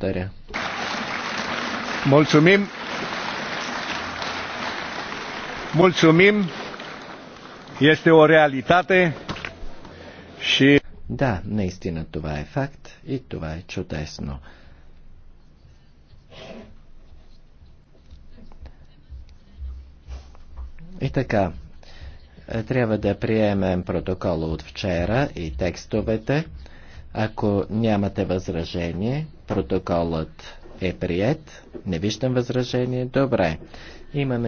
Благодаря. Mulțumim. Mulțumim. Este o realitate și... Да, наистина това е факт и това е чудесно. И така, е, трябва да приемем протокола от вчера и текстовете. Ако нямате възражение, протоколът е прият. Не виждам възражение. Добре. Имаме